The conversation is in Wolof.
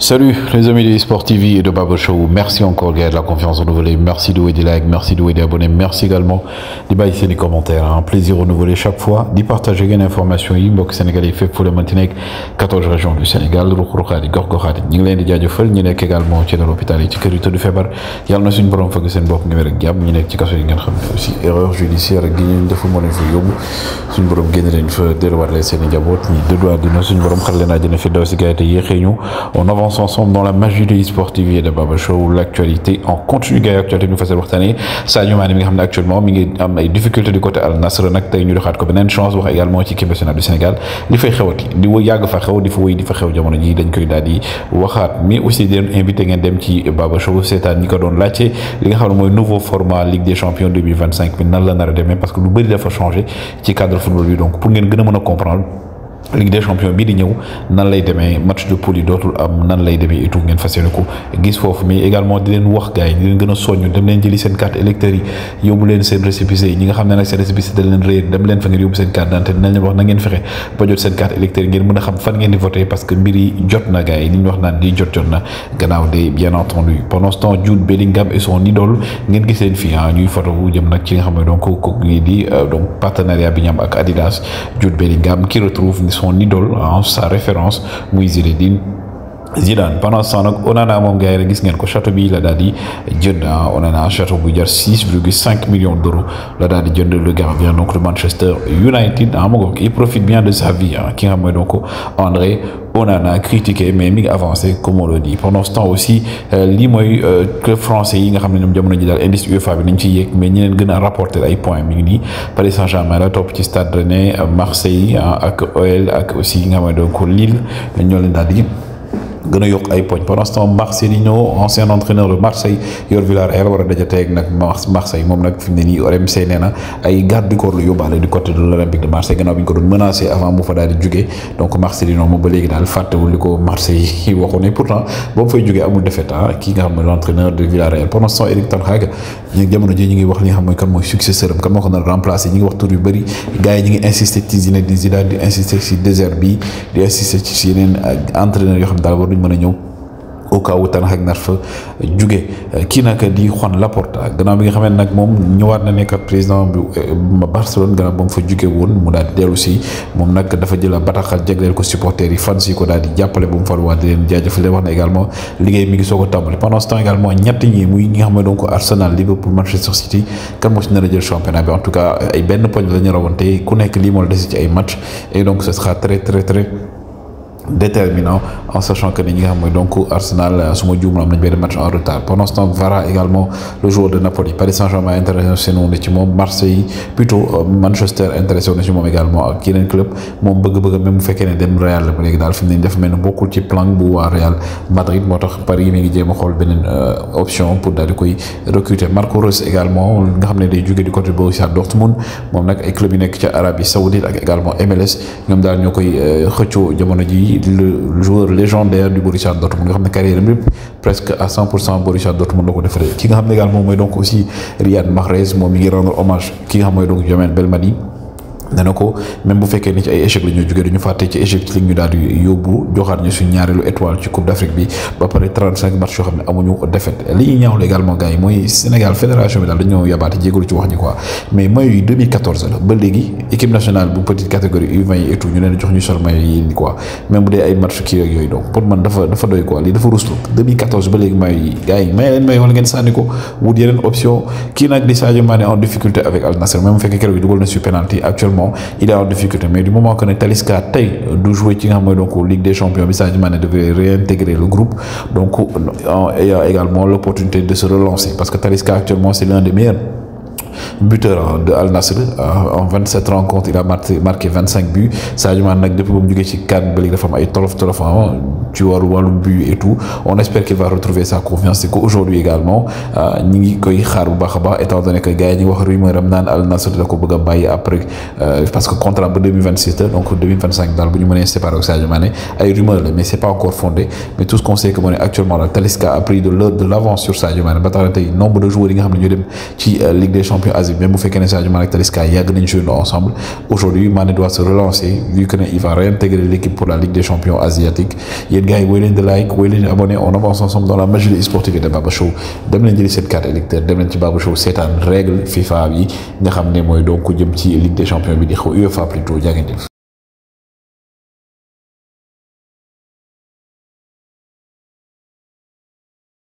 Salut les amis de Sport TV et de Babo Show. Merci encore gars de la confiance renouvelée. Merci de des likes, merci de des abonnés, merci également de baisser les commentaires. Hein. Un plaisir renouvelé chaque fois. De partager une information inbox sénégalais fait pour le Montenegro, 14 régions du Sénégal. Rokhoukhadi, Gorgokhadi, ñu ngi leen di jaajëfal ñu nekk également ci l'hôpital yi ci kër yi tëdd feebar. Yàlla na suñu borom fëgg seen bopp ñu wér ak jàmm ñu ci kaso yi ngeen xam aussi erreur judiciaire gi de defu moo leen fa yóbbu suñu borom génn leen fa delluwaat leen ni de njaboot ñi dëdduwaat dina suñu borom xar leen àjjana fi daw si yi te yéexee ñu avance lance ensemble dans la magie de sportive de Baba Show, l'actualité en continu gars actualité nous fait savoir waxtaanee Sadio Mané mi nga xam actuellement mi ngi am ay difficultés du côté Al nasr nag tey ñu doxaat ko Benen, chance wax également ci équipe nationale du Sénégal li fay xewati di wëy yàgg fa xew di fa wëy di fa xew jamono ji dañ koy daal di waxaat mais aussi d'inviter un invité ngeen dem ci Baba Show c'est à ko doon il li nga un nouveau format Ligue des Champions 2025 bi nan la nar a parce que lu bëri dafa changé ci cadre football donc pour ngeen gën a comprendre Ligue des champions bi di ñëw nan lay démé match de poule yi dootul am nan lay demee itu ngeen fas ko gis fofu mais également di leen wax gaay yi di leen gën a dem leen jëli sen carte électeur yi yóbbu leen sen récépissé yi ñi nga xam ne nag récépissé dañ leen réer dem leen fa ngeen yóbbu sen carte d'identité dinañ leen wax na ngeen fexé ba jot sen carte électeur ngeen mëna xam fan ngeen di voter parce que mbiri jot na gaay yi wax naan di jot jot na gannaaw dé bien entendu pendant ce temps Jude Bellingham et son idole ngeen gis leen fi ha ah, ñuy photo wu jëm nak ci nga xam ne donc kooku di euh, donc partenariat bi ñam ak Adidas Jude Bellingham qui retrouve son idole, hein, sa référence, Moïse Zidane pendant ce temps nag Onana moom gars gis ngeen ko château bi la daal di jënd ah, Onana château bu jar 6,5 millions d'euros la daal di jënd le gardien donc de Manchester United ah ma il profite bien de sa vie qui ah, a nga xam mooy donc André Onana critiqué mais mi avancé comme on le dit pendant ce temps aussi euh, li moy que euh, français yi nga xamné ñom jëmono ji dal indice UEFA bi nañ ci yek mais ñeneen gëna a rapporter ay points mi ngi Paris Saint-Germain la top ci Stade Rennais Marseille ah, ak OL ak aussi nga xam donc Lille ñoo leen di gëna a yokk ay poñ pendant ce temps Marcelino ancien entraîneur de Marseille yor Villarreal war a dajateeg nak Marseille mom nak fi ni ne nii RMC nee ay garde du corps lu yóbbaale du côté de l'Olympique de Marseille gannaaw biñ ko doon menacer avant mu fa daal di jugee donc Marcelino mo ba légui daal faté li ko Marseille waxoon et pourtant bo fay jugee amul défaite ah kii nga xam ne l'entraîneur de Villarreal pendant ce temps Eric Ten Hag ñi jamono ji ñu ngi wax li nga xam mooy kan moy successeur kan moko na remplacer ñi ngi wax tour yu bari gaay ñi ngi insister ci Zinedine Zidane di insister ci désert bi di insister ci yenen ah, entraîneur yo xam ne daal mën a ñëw au cas où Ten Hag nar fa jóge kii nag di Juan Laporta gannaaw bi nga xamante nak mom ñëwaat na nek président bi eh, Barcelone gannaaw ba fa jóge woon mu daal délu ci mom nak dafa jël bataxa jéglél ko supporter yi fans yi ko daal di jàppale ba mu wa di leen jaajëfal wax na également liggéey mi ngi soko a pendant ce temps également ñett ñi muy nga xam ne donc Arsenal Liverpool Manchester City kan mo ci na a jël championnat bi en tout cas ay benn poñ la ñu rawante ku nek li mo la dese ci ay match et donc ce sera très très très déterminant en sachant que nous avons donc Arsenal euh, sous Djoum am nañ match en retard pendant ce temps Vara également le joueur de Napoli Paris Saint-Germain intéressé nous ci Marseille plutôt euh, Manchester intéressé nous également ak club Mon bug bug même fekké dem Real la légui dal fim def melni bokul ci plan pour à Real Madrid motax Paris mi ngi xol benen euh, option pour dal koy recruter Marco Reus également nga xamné des joggé du côté Borussia Dortmund mom nak ay club nek ci Arabie Saoudite également MLS ñom dal ñokoy xëccio de ji le joueur légendaire du Borussia Dortmund qui a une carrière presque à 100 Borussia Dortmund ko également donc aussi Riyad Mahrez moom mi rendre hommage ki nga xam donc Jamel Belmadi ne na ko même bu fekkee ni ay échec la jógee duñu fàtte ci échec ci ñu daal yóbbu joxaat ñu suñu ñaareelu étoile ci coupe d' bi ba pare 35 match yoo xam ne amuñu défaite li ñuy ñaawlu également gars yi mooy sénégal fédération bi daal dañoo yabaate jégalu ci wax ji quoi mais maillot yi ba léegi équipe nationale bu petite catégorie u yi et ñu leen jox ñu sol maillot yi quoi même bu dee ay match kii yooyu donc pour man dafa il est en difficulté mais du moment que Talisca tey de jouer donc Ligue des Champions de devait réintégrer le groupe donc a également l'opportunité de se relancer parce que Taliska actuellement c'est l'un des meilleurs buteur hein, de Al Nassr hein, en 27 rencontres il a marqué 25 buts Sadio Mané depuis le mu jógee ci CAN il léegi tolof tolof hein, but et tout on espère qu'il va retrouver sa confiance et qu'aujourd'hui également euh, ñi ngi koy xaar étant donné que Gaïa yi wax Al Nassr de bëgg après euh, parce que contrat de 2026 donc 2025 daal bu ñu mënee séparé avec Sadio Mané ay rumeur mais c'est pas encore fondé mais tout ce qu'on sait que actuellement Talisca a pris de l'avance sur Sadio Mané il y a nombre de joueurs qui nga été euh, Ligue des Champions champion Asie, même si Fekene Sadio Mané Talisca yàgg nañ ensemble, aujourd'hui Mané doit se relancer vu qu'il va réintégrer l'équipe pour la Ligue des champions asiatiques. yé gars yi woy de like, woy leen abonné, on avance ensemble dans la magie de sportive de Babacho Show. Dem leen jëli seen carte électeurs. dem leen ci Baba C'est seetaan règle FIFA bi nga xam donc jëm ci Ligue des champions bi di xew UEFA plutôt jaa ngeen